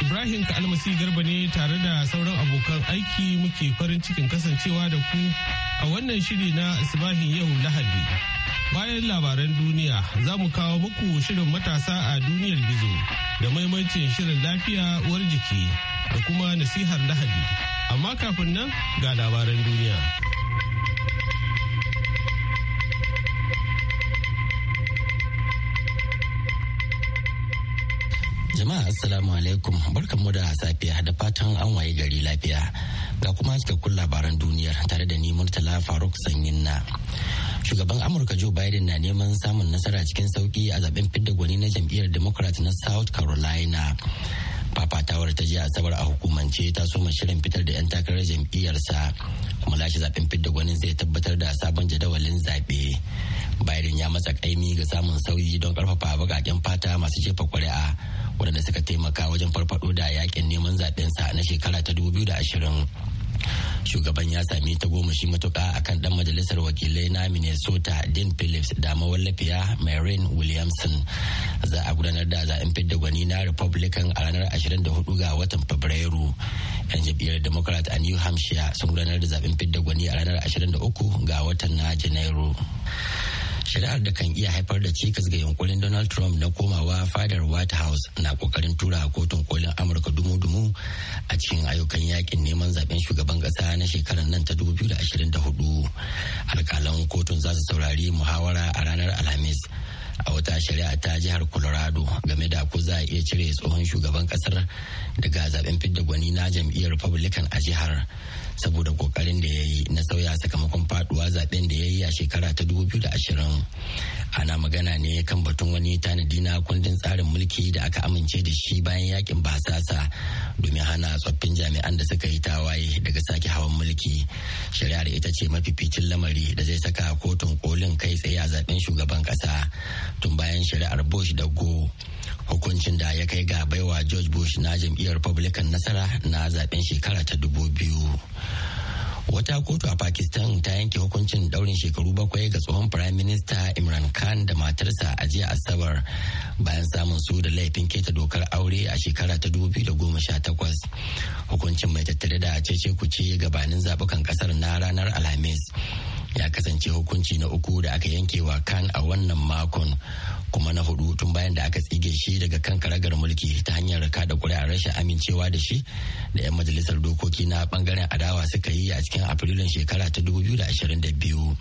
Ibrahim Kalmasi Garba ne tare da sauran abokan aiki muke farin cikin kasancewa da ku a wannan shiri na Isbahin yau Lahadi. Bayan labaran duniya za mu kawo muku shirin matasa a duniyar gizo da maimacin shirin lafiya uwar jiki da kuma nasihar Lahadi. Amma kafin nan ga labaran duniya. Jama'a Assalamu alaikum barkanmu da safiya da fatan an waye gari lafiya ga kuma cikakkun labaran duniyar tare da ni Murtala Faruk Sanyinna. Shugaban Amurka Joe Biden na neman samun nasara cikin sauki a zaben fidda gwani na jam'iyyar Democrat na South Carolina. fafatawar ta ji asabar a hukumance ta soma shirin fitar da 'yan takarar jam'iyyarsa kuma lashe zaben fidda gwanin zai tabbatar da sabon jadawalin zaɓe biden ya matsa kaimi ga samun sauyi don ƙarfafa baƙaƙen fata masu jefa ƙuri'a waɗanda suka taimaka wajen farfaɗo da yakin neman zaɓensa na shekara ta 2020 shugaban ya sami ta goma shi matuka a kan dan majalisar wakilai na minnesota dean phillips da mawallafiya marin williamson za a gudanar da zaben fidda gwani na republican a ranar 24 ga watan fabrairu yan jam'iyyar democrat a new hampshire sun gudanar da zaben fidda gwani a ranar 23 ga watan na janairu shari'ar da kan iya haifar da cikas ga yunkurin donald trump na komawa fadar white house na kokarin tura kotun kolin amurka dumu-dumu a cikin ayyukan yakin neman zaben shugaban kasa na shekarar nan ta 2024 alkalan kotun za su saurari muhawara a ranar alhamis a wata shari'a ta jihar colorado game da ko za a iya cire tsohon shugaban kasar daga zaben fidda gwani na jam'iyyar republican a jihar saboda kokarin da ya yi na sauya sakamakon faduwa zaben da ya yi a shekara ta 2020 ana magana ne kan batun wani tanadi na kundin tsarin mulki da aka amince da shi bayan yakin basasa domin hana tsoffin jami'an da suka yi tawaye daga sake hawan mulki shari'ar ita ce mafificin lamari da zai saka kotun kolin kai tsaye a zaben shugaban kasa tun bayan shari'ar bush da go hukuncin da ya kai ga baiwa george bush na jam'iyyar republican nasara na zaben shekara ta dubu biyu wata kotu a pakistan ta yanke hukuncin daurin shekaru bakwai ga tsohon prime minister imran khan da matarsa a jiya asabar bayan samun su da laifin keta dokar aure a shekara ta sha takwas hukuncin mai tattare da cece kuce gabanin zabukan kasar na ranar alhamis ya kasance hukunci na uku da aka yanke wa khan a wannan makon kuma na hudu tun bayan da aka tsige shi daga kan karagar mulki ta hanyar kada kuri'ar rashin amincewa da shi da 'yan majalisar dokoki na bangaren adawa suka yi a cikin afrilun shekara ta 2022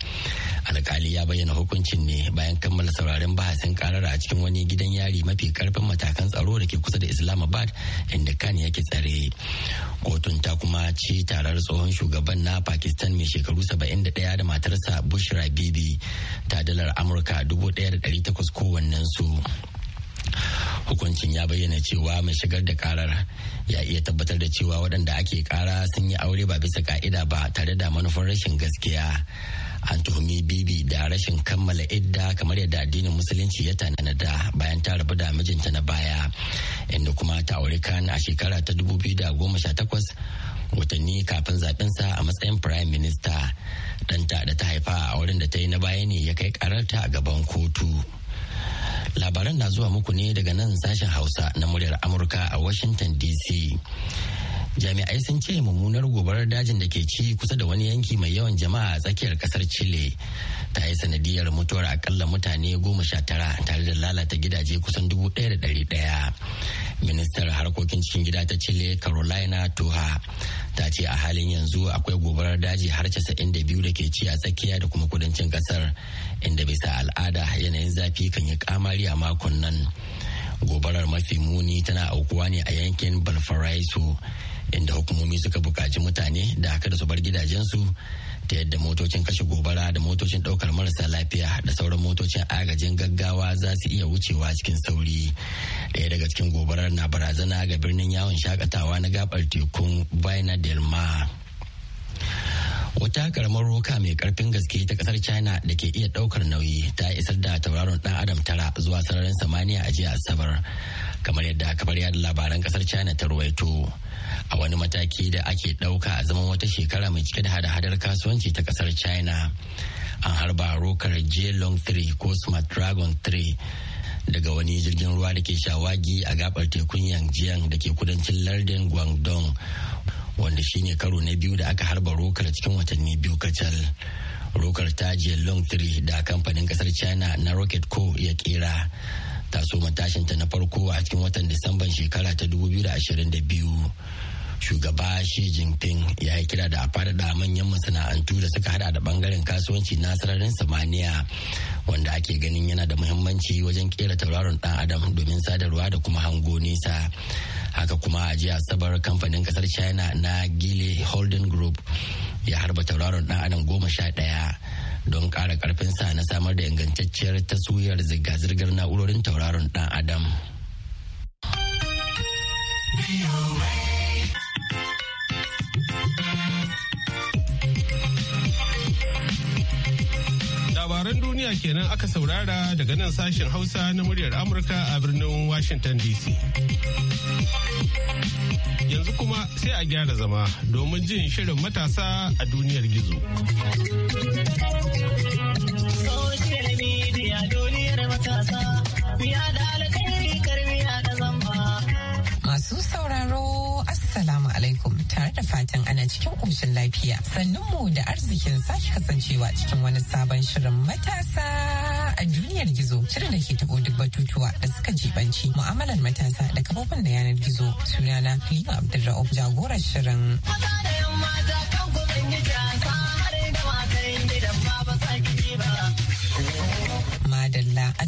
alkali ya bayyana hukuncin ne bayan kammala sauraren bahasin karar a cikin wani gidan yari mafi karfin matakan tsaro da ke kusa da islamabad inda kan yake tsare kotun ta kuma ci tarar tsohon shugaban na pakistan mai shekaru 71 da matarsa bushra bibi ta dalar amurka 1,800 kowane su hukuncin ya bayyana cewa mai shigar da karar ya iya tabbatar da cewa waɗanda ake kara sun yi aure ba bisa ka'ida ba tare da manufar rashin gaskiya an tuhumi bibi da rashin kammala idda kamar yadda addinin musulunci ya tanada bayan ta rabu da mijinta na baya inda kuma ta aure kan a shekara ta 2018 watanni kafin zaɓensa a matsayin prime minister ɗanta da ta haifa a wurin da ta yi na baya ne ya kai kararta a gaban kotu. labaran na zuwa muku ne daga nan sashen hausa na muryar amurka a washington dc jami'ai sun ce mummunar gobarar dajin da ke ci kusa da wani yanki mai yawan jama'a a tsakiyar kasar chile ta yi sanadiyar mutuwar akalla mutane goma sha tara tare da lalata gidaje kusan dubu ɗaya da ɗari ɗaya ministar harkokin cikin gida ta chile carolina toha ta ce a halin yanzu akwai gobarar daji har casa'in da biyu da ke ci a tsakiya da kuma kudancin kasar inda bisa al'ada yanayin zafi kan yi kamari a makon nan gobarar mafi muni tana aukuwa ne a yankin balfaraiso inda hukumomi suka buƙaci mutane da haka da su bar gidajensu ta yadda motocin kashe gobara da motocin ɗaukar marasa lafiya da sauran motocin agajin gaggawa za su iya wucewa cikin sauri ɗaya daga cikin gobarar na barazana ga birnin yawon shakatawa na gabar tekun baina del mar wata karamar roka mai karfin gaske ta kasar china da ke iya daukar nauyi ta isar da tauraron dan adam tara zuwa sararin samaniya a jiya asabar kamar yadda kafar yada labaran kasar china ta ruwaito a wani mataki da ake dauka a zaman wata shekara mai cike da hada-hadar kasuwanci ta kasar china an harba rokar jelong 3 ko smart dragon 3 daga wani jirgin ruwa da ke shawagi a gabar tekun yanjiyan da ke kudancin lardin guangdong wanda shine karo na biyu da aka harba rokar cikin watanni biyu kacal rokar ta jiya long 3 da kamfanin kasar china na rocket co ya kera ta so matashinta na farko a cikin watan disamban shekara ta 2022 shugaba shi Jinping ya yi kira da a fara da manyan masana'antu da suka hada da bangaren kasuwanci na sararin samaniya wanda ake ganin yana da muhimmanci wajen kera tauraron dan adam domin sadarwa da kuma hango nesa haka kuma a jiya asabar kamfanin kasar china na gile holding group ya harba tauraron dan adam goma sha daya don kara karfin sa na samar da ingantacciyar taswirar zirga-zirgar na'urorin tauraron dan adam. labaran duniya kenan aka saurara daga nan sashen Hausa na muryar Amurka a birnin Washington DC. Yanzu kuma sai a gyara zama domin jin shirin matasa a duniyar gizo. ana cikin ƙoshin lafiya. Sannun mu da arzikin sake kasancewa cikin wani sabon shirin matasa a duniyar gizo. Shirin da ke taɓo duk batutuwa da suka jibanci mu'amalar matasa da kafofin da yanar gizo. Sunana Halima Abdulra'uf jagorar shirin. Mata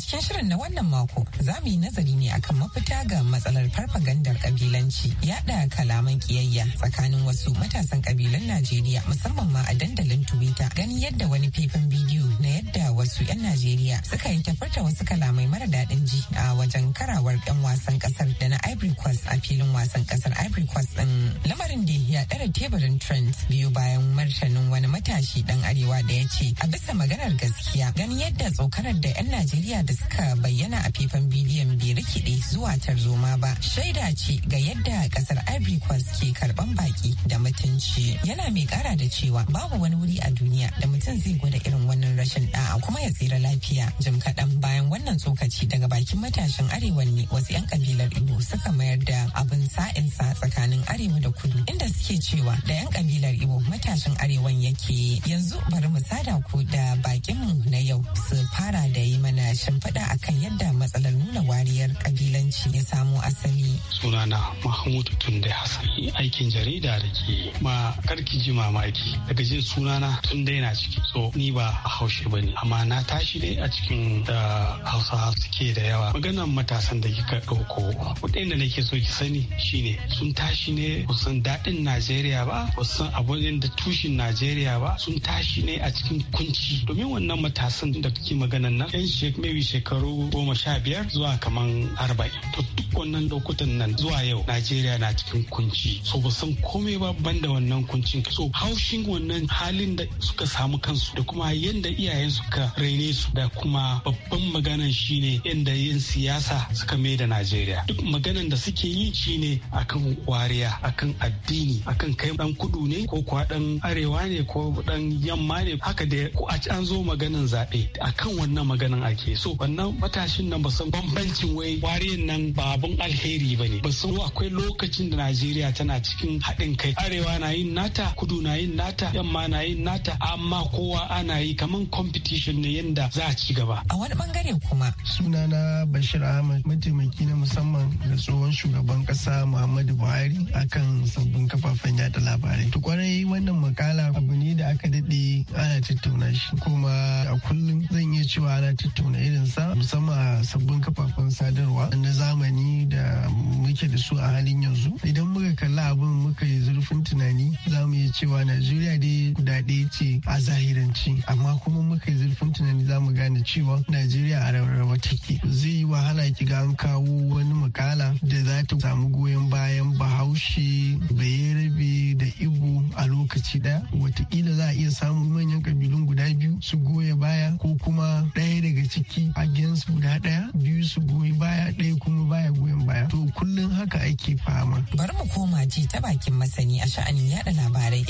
cikin shirin na wannan mako za mu yi nazari ne akan mafita ga matsalar farfagandar kabilanci yaɗa kalaman kiyayya tsakanin wasu matasan kabilan Najeriya musamman ma a dandalin Twitter gani yadda wani faifan bidiyo na yadda wasu 'yan Najeriya suka yi tafarta wasu kalamai mara daɗin ji a wajen karawar 'yan wasan kasar da na Ivory Coast a filin wasan kasar Ivory Coast din lamarin da ya ɗara teburin Trent biyu bayan martanin wani matashi dan arewa da ya ce a bisa maganar gaskiya gani yadda tsokarar da 'yan Najeriya da da suka bayyana a faifan bidiyon bai rikide zuwa tarzoma ba shaida ce ga yadda kasar ivory coast ke karban baki da mutunci yana mai kara da cewa babu wani wuri a duniya da mutum zai gwada irin wannan rashin da'a kuma ya tsira lafiya jim kaɗan bayan wannan tsokaci daga bakin matashin arewa ne wasu 'yan kabilar ibo suka mayar da abin sa'insa tsakanin arewa da kudu inda suke cewa da 'yan kabilar ibo matashin arewan yake yanzu bari mu sada ku da mu na yau su fara da yi mana don faɗa akan yadda matsalar nuna wariyar kabilanci ya samo asali. Sunana Mahmudu Tunde Hassan aikin jarida da ke ma karki ji mamaki daga jin sunana tun dai na ciki so ni ba haushe ba ne amma na tashi dai a cikin da hausa suke da yawa maganan matasan da kika ɗauko kuɗin da nake so ki sani shine sun tashi ne kusan daɗin najeriya ba kusan abin da tushen najeriya ba sun tashi ne a cikin kunci domin wannan matasan da kike maganan nan yan shek mai maybe shekaru goma sha biyar zuwa kamar arba'in to duk wannan lokutan nan zuwa yau najeriya na cikin kunci so ba san komai ba ban da wannan kuncin so haushin wannan halin da suka samu kansu da kuma yadda iyayen suka raine su da kuma babban maganan shine yadda yin siyasa suka mai da najeriya duk maganan da suke yi shine akan wariya akan addini akan kai dan kudu ne ko kuwa dan arewa ne ko dan yamma ne haka da ko a can zo maganan zaɓe akan wannan maganan ake so to wannan matashin nan ba bambancin wai wariyan nan ba abun alheri ba ne basan akwai lokacin da najeriya tana cikin haɗin kai arewa na yin nata kudu na yin nata yamma na yin nata amma kowa ana yi kaman competition ne yadda za a ci gaba a wani bangare kuma suna na bashir ahmad mataimaki na musamman da tsohon shugaban kasa muhammadu buhari akan sabbin kafafen yada labarai to kwarai wannan makala abu ne da aka daɗe ana tattauna shi kuma a kullum zan iya cewa ana tattauna irin sa musamman a sabbin kafafen sadarwa na zamani da muke da su a halin yanzu idan muka kalla abin muka yi zurfin tunani za mu iya cewa najeriya dai guda ɗaya ce a zahiranci amma kuma muka yi zurfin tunani za mu gane cewa najeriya a rarraba take zai yi wahala ki ga an kawo wani makala da za ta samu goyon bayan bahaushe bayerabe da igbo a lokaci ɗaya watakila za a iya samun manyan kabilun guda biyu su goya baya ko kuma ɗaya daga ciki against guda ɗaya biyu su goyi baya ɗaya kuma baya goyon baya to kullum haka ake fama. Bari mu koma ji ta bakin masani a sha'anin yada labarai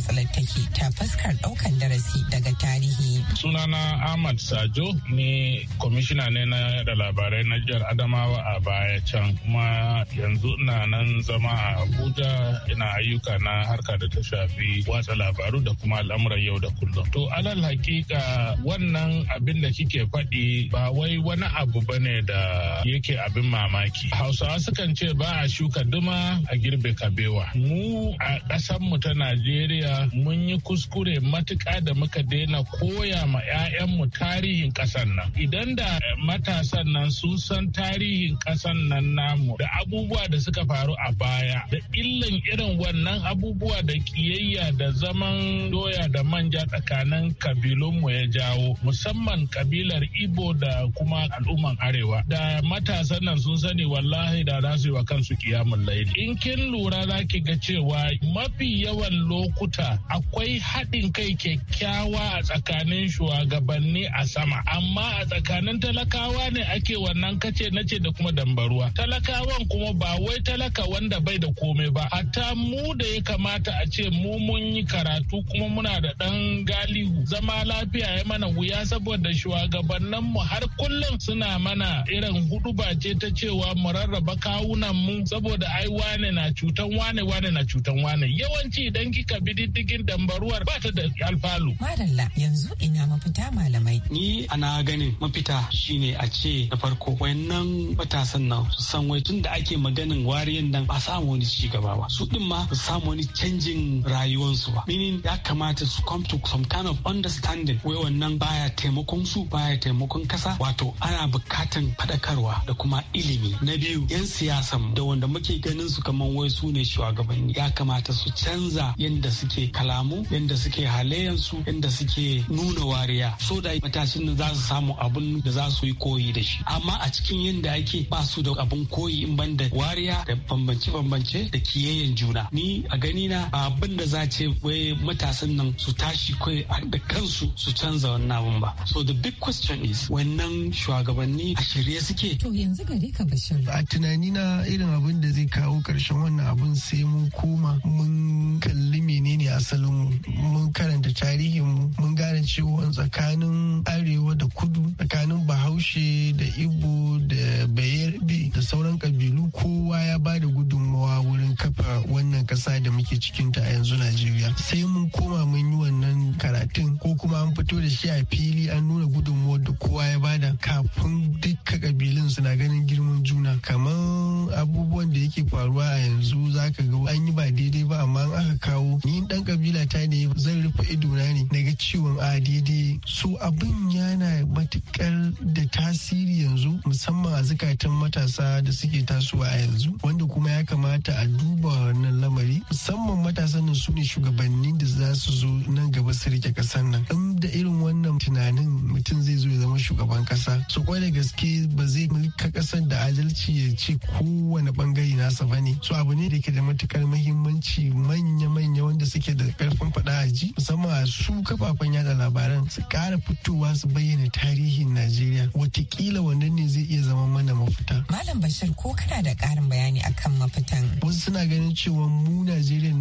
matsalar take ta fuskar daukan darasi daga tarihi. Sunana Ahmad Sajo ne kwamishina ne na da labarai na jihar Adamawa a baya can kuma yanzu ina nan zama a Abuja ina ayyuka na harka da ta shafi watsa labaru da kuma al'amuran yau da kullum. To alal hakika wannan abin da kike faɗi ba wai wani abu bane da yake abin mamaki. Hausawa sukan ce ba a shuka duma a girbe kabewa. Mu a ƙasarmu ta Najeriya baya mun yi kuskure matuƙa da muka daina koya ma 'ya'yanmu tarihin ƙasar nan. Idan da matasan nan sun san tarihin ƙasar nan namu da abubuwa da suka faru a baya da illan irin wannan abubuwa da ƙiyayya da zaman doya da manja tsakanin kabilunmu ya jawo musamman kabilar Ibo da kuma al'umman Arewa. Da matasan nan sun sani wallahi da za su yi wa kansu kiyamun laili. In kin lura za ki ga cewa mafi yawan lokuta haka akwai haɗin kai kyakkyawa a tsakanin shugabanni a sama amma a tsakanin talakawa ne ake wannan kace nace da kuma dambaruwa talakawan kuma ba wai talaka wanda bai da komai ba hatta mu da ya kamata a ce mu mun yi karatu kuma muna da ɗan galihu zama lafiya ya mana wuya saboda shugabannin mu har kullum suna mana irin hudu Ba ce ta cewa mu rarraba kawunan mu saboda ai wane na cutan wane wane na cutan wane yawanci idan kika bi diddigin dambaruwar ba ta da alfalu. Madalla yanzu ina mafita malamai. Ni ana ganin mafita shine a ce na farko wayannan matasan nan su san wai tun da ake maganin wariyan nan ba samu wani ci gaba ba. Su din ma su samu wani canjin rayuwarsu ba. minin ya kamata su come to some kind of understanding wai wannan baya taimakon su baya taimakon kasa wato ana bukatan faɗakarwa da kuma ilimi. Na biyu 'yan siyasan da wanda muke ganin su kamar wai su ne shugabanni ya kamata su canza yadda su suke kalamu yadda suke halayensu yadda suke nuna wariya so da matashin da za su samu abun da za su yi koyi da shi amma a cikin yadda ake ba su da abun koyi in ban da wariya da bambance-bambance da kiyayen juna ni a gani na abin da za ce wai matasan nan su tashi kai da kansu su canza wannan abun ba so the big question is wannan shugabanni a shirye suke to yanzu gare ka bashir a tunani na irin abin da zai kawo karshen wannan abun sai mun koma mun kalli menene shine asalin mun karanta tarihin mun gane cewa tsakanin arewa da kudu tsakanin bahaushe da Ibo da bayerbe da sauran kabilu kowa ya ba da gudunmawa wurin kafa wannan ƙasa da muke cikinta a yanzu najeriya sai mun koma mun yi wannan karatun ko kuma an fito da shi a fili an nuna gudunmuwa da kowa ya bada kafin dukkan kabilun suna ganin girman juna kamar abubuwan da yake faruwa a yanzu za ka ga an yi ba daidai ba amma an aka kawo ni dan kabila ta ne zan rufe idona ne na ga ciwon a daidai so abin yana matukar da tasiri yanzu musamman a zukatan matasa da suke tasowa a yanzu wanda kuma ya kamata a duba wannan lamari musamman matasan nan su ne shugabannin da za su zo nan gaba su rike kasan wannan in da irin wannan tunanin mutum zai zo ya zama shugaban kasa su kwai da gaske ba zai mulka kasar da adalci ya ce kowane bangare nasa ba ne Su abu ne da yake da matukar muhimmanci manya-manya wanda suke da karfin faɗa a ji musamman su kafafen yada labaran su kara fitowa su bayyana tarihin najeriya watakila wannan ne zai iya zama mana mafita malam bashir ko kana da karin bayani akan mafitan wasu suna ganin cewa mu najeriya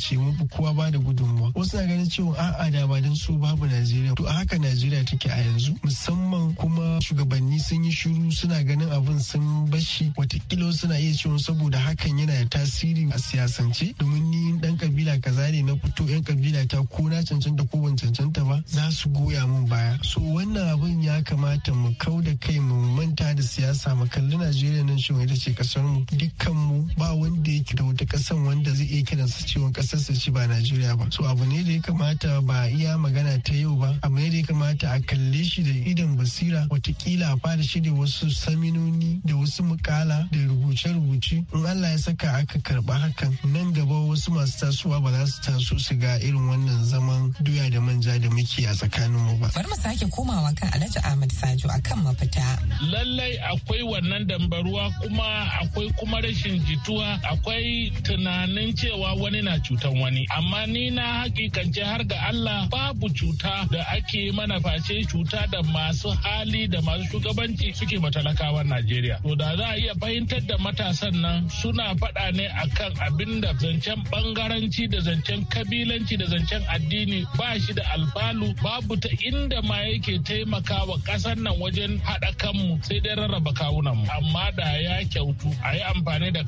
ce mun fi kowa ba da gudunmuwa wasu na ganin cewa a'a da ba don su babu najeriya to a haka najeriya take a yanzu musamman kuma shugabanni sun yi shiru suna ganin abin sun bashi watakila suna iya cewa saboda hakan yana da tasiri a siyasance domin ni dan kabila kaza ne na fito yan kabila ta ko na cancanta ko ban cancanta ba za su goya mun baya so wannan abun ya kamata mu kau da kai mu manta da siyasa mu kalli najeriya nan shi ita ce kasar mu dukkan mu ba wanda yake da wata kasan wanda zai iya kiransa ciwon kasar sa ci ba najeriya ba so abu ne da ya kamata ba iya magana ta yau ba abu ne da ya kamata a kalle shi da idan basira watakila a fara shi da wasu saminoni da wasu mukala da rubuce-rubuce in allah ya saka aka karba hakan nan gaba wasu masu tasowa cewa ba za su taso su ga irin wannan zaman doya da manja da muke a tsakanin mu ba. Bari mu sake komawa kan Alhaji Ahmad Sajo akan mafita. Lallai akwai wannan dambaruwa kuma akwai kuma rashin jituwa akwai tunanin cewa wani na cutan wani amma ni na hakikance har ga Allah babu cuta da ake mana face cuta da masu hali da masu shugabanci suke matalakawan Najeriya. To da za a iya fahimtar da matasan nan suna faɗa ne akan abin da zancen bangaranci bambanci da zancen kabilanci da zancen addini ba shi da albalu babu ta inda ma yake taimakawa ƙasar nan wajen haɗa kanmu sai dai rarraba kawunanmu amma da ya kyautu a yi amfani da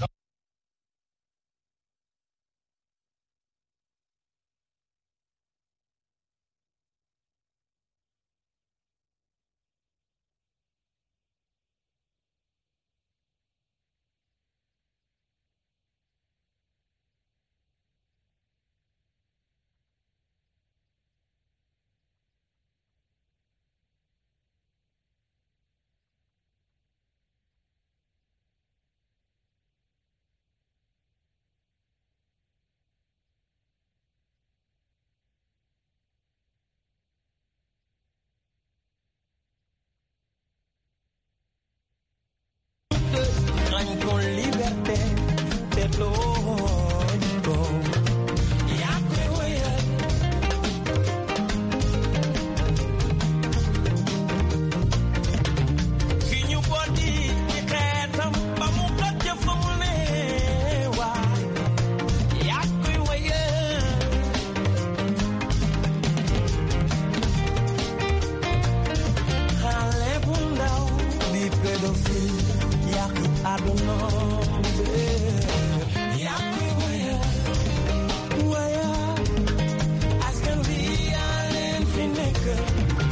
glory. me, nigga.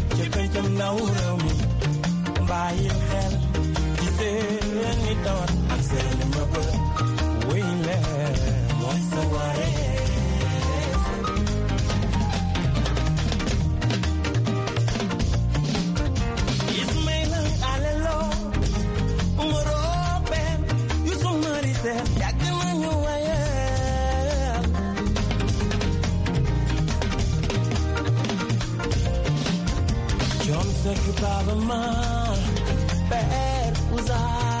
Thank you. Bad ben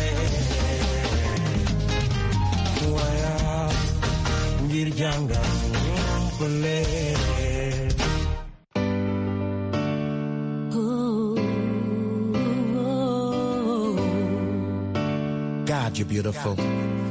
janga God, you're beautiful. God.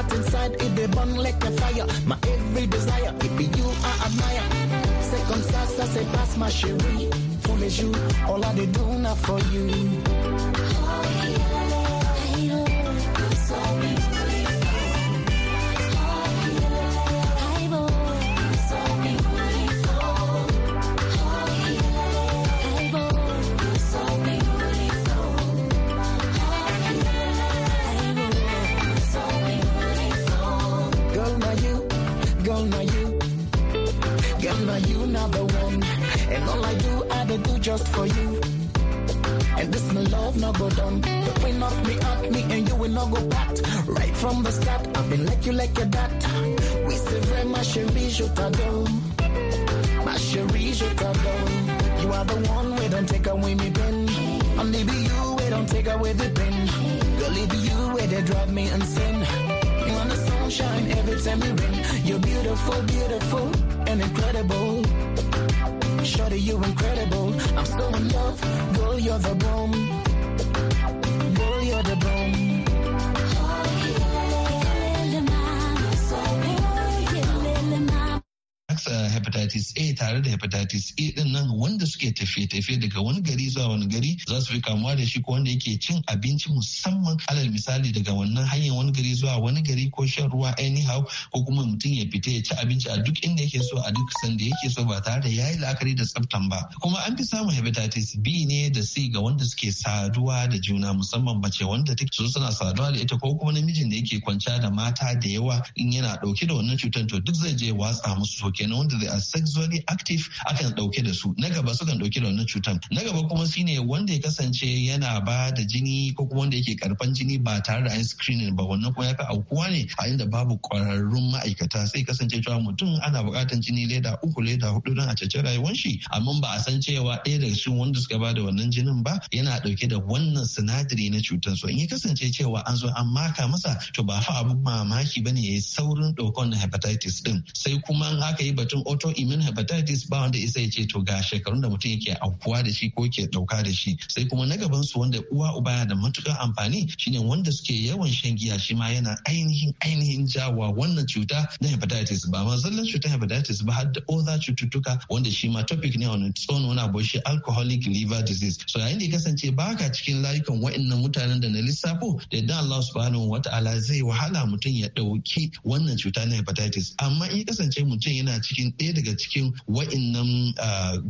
heart inside, it be burn like a fire. My every desire, it be you I admire. Second comme I say pass my ma chérie. Tous les all I do now for you. Oh, yeah. And all I do, I dey do just for you. And this my love no go down. The way knock me up, me and you will not go back. Right from the start, I've been like you like a dat. We say very my chérie, je t'adore. My chérie, je t'adore. You are the one, we don't take away me pen. Only be you, we don't take away the pen. Girl, it be you, where they drive me insane. You want the sunshine every time you rain. You're beautiful, beautiful, and incredible. Shorty, you're incredible. I'm so in love. Girl, you're the bomb. Eh, hepatitis A tare da hepatitis A e din nan wanda suke tafiye-tafiye daga wani gari zuwa wani gari za su fi kamuwa da shi ko wanda yake cin abinci musamman alal misali daga wannan hanyar wani gari zuwa wani gari ko shan ruwa anyhow ko kuma mutum ya fita ya ci abinci a duk inda yake so a duk sanda yake so ba tare da yayi la'akari da tsaftan ba kuma an fi samun hepatitis B ne da C ga wanda suke saduwa da juna musamman mace wanda take so suna saduwa da ita ko kuma namijin da yake kwanciya da mata da yawa in yana dauke da wannan cutar to duk zai je watsa musu to kenan wanda they are sexually active akan dauke da su na gaba sukan dauke da wannan cutan na gaba kuma shine wanda ya kasance yana ba da jini ko kuma wanda yake karban jini ba tare da an screening ba wannan kuma ya ka aukuwa ne a inda babu kwararrun ma'aikata sai kasance cewa mutum ana bukatan jini leda uku leda hudu don a cece rayuwar shi amma ba a san cewa ɗaya daga cikin wanda suka ba da wannan jinin ba yana dauke da wannan sinadari na cutan so in ya kasance cewa an zo an maka masa to ba fa abun mamaki bane yi saurin daukan hepatitis din sai kuma in aka yi batun autoimmune hepatitis ba wanda isa ya ce to ga shekarun da mutum yake aukuwa da shi ko ke dauka da shi sai kuma na gaban su wanda uwa uba yana da matukar amfani shine wanda suke yawan shan giya shi ma yana ainihin ainihin jawa wannan cuta na hepatitis ba ma zallan cuta hepatitis ba har da other cututtuka wanda shi ma topic ne wani tsono wani abu shi alcoholic liver disease so yayin da kasance baka cikin layukan wa'annan mutanen da na lissafo da yadda Allah subhanahu wa ta'ala zai wahala mutum ya dauki wannan cuta na hepatitis amma in kasance mutum yana cikin ɗaya daga cikin wa'innan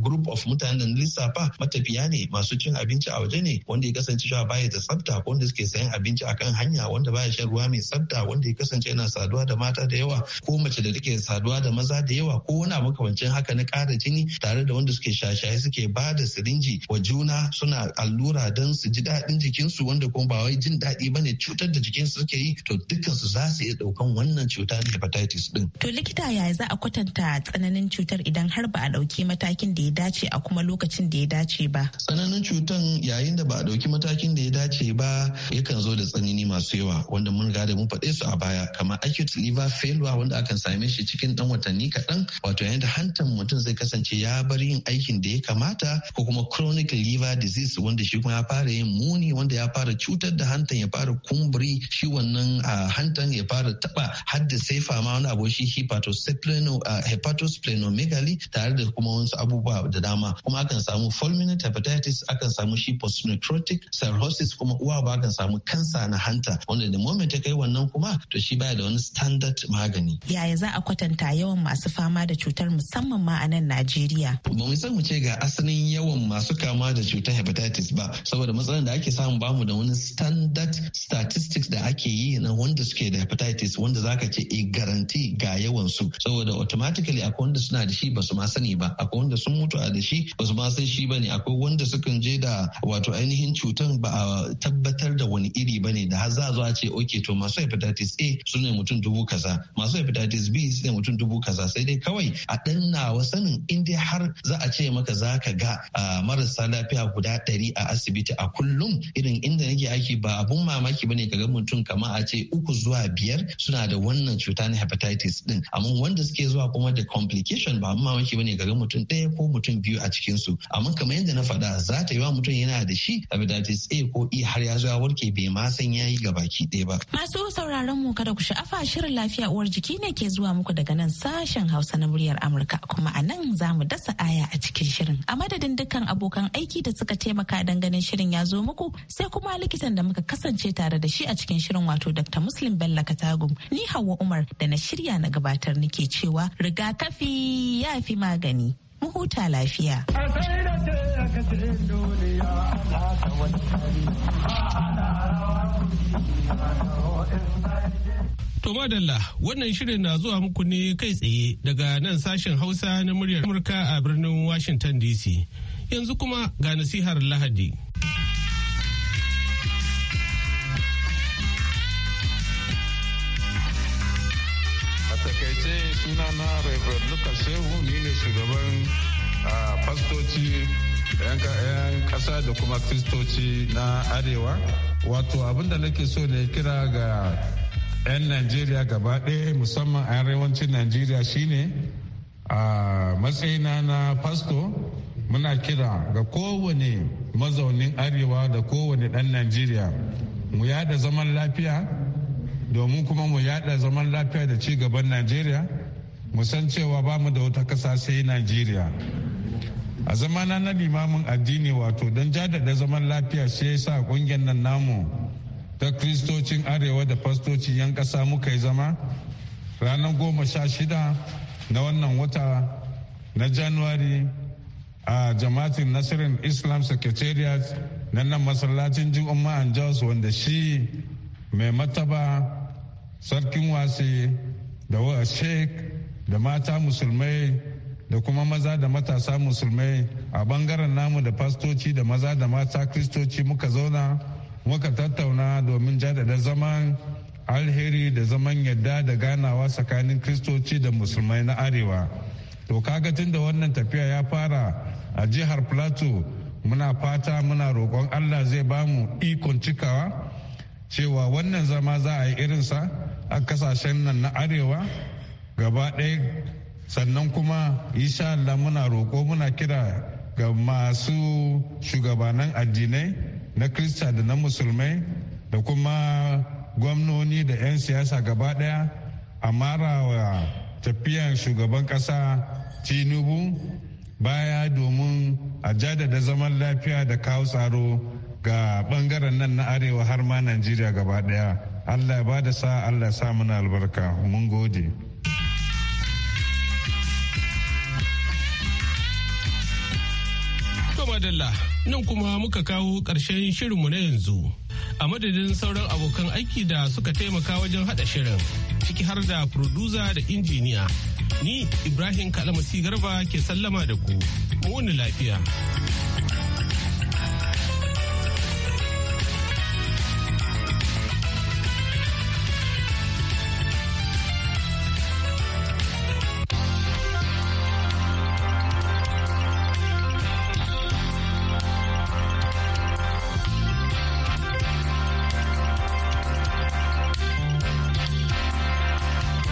group of mutanen da lissafa matafiya ne masu cin abinci a waje ne wanda ya kasance cewa baya da tsafta ko wanda suke sayan abinci a kan hanya wanda baya shan ruwa mai tsafta wanda ya kasance yana saduwa da mata da yawa ko mace da take saduwa da maza da yawa ko wani makamancin haka na ƙara jini tare da wanda suke shashaye suke ba da sirinji wa juna suna allura don su ji daɗin jikinsu wanda kuma ba wai jin daɗi ba ne cutar da jikinsu suke yi to dukkansu za su iya ɗaukan wannan cuta na hepatitis ɗin. To likita yaya za a kwatanta a tsananin cutar idan har ba a ɗauki matakin da ya dace a kuma lokacin da ya dace ba. Tsananin cutar yayin da ba a ɗauki matakin da ya dace ba yakan zo da tsanani masu yawa wanda mun riga da mun faɗe su a baya kamar acute liver failure wanda akan same shi cikin dan watanni kaɗan wato yayin da hantan mutum zai kasance ya bar yin aikin da ya kamata ko kuma chronic liver disease wanda shi kuma ya fara yin muni wanda ya fara cutar da hantan ya fara kumburi shi wannan ah, hantan ya fara taɓa har da sai fama wani abu shi hepatocephalin ah, hepatosplenomegaly tare da kuma wasu abubuwa da dama kuma akan samu fulminant hepatitis akan samu shi postnecrotic cirrhosis kuma uwa ba akan samu kansa na hanta wanda da moment ta kai wannan kuma to shi baya da wani standard magani yaya za a kwatanta yawan masu fama da cutar musamman ma a nan Najeriya ba mu san mu ce ga asalin yawan masu kama da cutar hepatitis ba saboda matsalar da ake samu bamu da wani standard statistics da ake yi na wanda suke da hepatitis wanda zaka ce a eh, garanti ga yawan su saboda automatic hankali akwai wanda suna da shi ba su ma sani ba akwai wanda sun mutu a da shi ba su ma san shi ba ne akwai wanda sukan je da wato ainihin cutan ba a tabbatar da wani iri ba ne da har za zo a ce oke to masu hepatitis A su ne mutum dubu kaza masu hepatitis B su ne mutum dubu kaza sai dai kawai a dannawa sanin in dai har za a ce maka za ka ga marasa lafiya guda ɗari a asibiti a kullum irin inda nake aiki ba abun mamaki ba ne ka ga mutum kama a ce uku zuwa biyar suna da wannan cuta na hepatitis din amma wanda suke zuwa kuma da da complication ba mu mamaki bane ga mutum ɗaya ko mutum biyu a cikin su amma kamar yadda na faɗa za ta yi wa mutum yana da shi hepatitis A ko E har ya zo ya warke bai ma san yayi baki ɗaya ba. Masu sauraron mu kada ku sha'afa shirin lafiya uwar jiki ne ke zuwa muku daga nan sashen Hausa na muryar Amurka kuma a nan za mu dasa aya a cikin shirin. A madadin dukkan abokan aiki da suka taimaka dan ganin shirin ya zo muku sai kuma likitan da muka kasance tare da shi a cikin shirin wato Dr. Muslim Bello Katagum. Ni Hauwa Umar da na shirya na gabatar nake cewa riga rigakafi ya fi magani mu huta lafiya To madalla wannan shirin na zuwa muku ne kai tsaye daga nan sashen Hausa na muryar Amurka a birnin Washington DC. Yanzu kuma ga nasihar Lahadi. sai suna na Reverend Lucas sai ni ne shugaban fastoci yan kasa da kuma kristoci na arewa wato abinda nake so ne kira ga 'yan najeriya gaba ɗaya musamman a yarewancin najeriya shine a matsayina na fasto muna kira ga kowane mazaunin arewa da kowane ɗan najeriya mu yada zaman lafiya domin kuma mu yada zaman lafiya da ci gaban najeriya mu san cewa ba mu da wata kasa sai najeriya a zamana na limamin addini wato don jadada zaman lafiya shi ya sa kungiyar nan namu ta kristocin arewa da fastocin yan kasa muka yi zama ranar goma sha shida na wannan wata na januwari a jama'atin nasirin islam secretariat na nan masallacin juma'a jos wanda shi mai mataba sarkin wase da wa sheik da mata musulmai da kuma maza da matasa musulmai a bangaren namu da fastoci da maza da mata kristoci muka zauna muka tattauna domin jadada zaman alheri da zaman yadda da ganawa tsakanin kristoci da musulmai na arewa to kaga tun da wannan tafiya ya fara a jihar plateau muna fata muna roƙon allah zai bamu ikon cikawa cewa wannan zama za a yi irinsa a kasashen nan na arewa gaba ɗaya sannan kuma insha Allah muna roƙo muna kira ga masu shugabannin addinai na krista da na musulmai da kuma gwamnoni da 'yan siyasa gaba ɗaya a marawa tafiyan shugaban ƙasa tinubu baya domin a jaddada zaman lafiya da kawo tsaro ga ɓangaren nan na arewa har ma najeriya gaba ɗaya allah ya bada sa allah ya sa muna albarka mun gode madalla nan kuma muka kawo ƙarshen shirinmu na yanzu a madadin sauran abokan aiki da suka taimaka wajen hada shirin ciki har da furduza da injiniya ni ibrahim kalamasi garba ke sallama da ku mu lafiya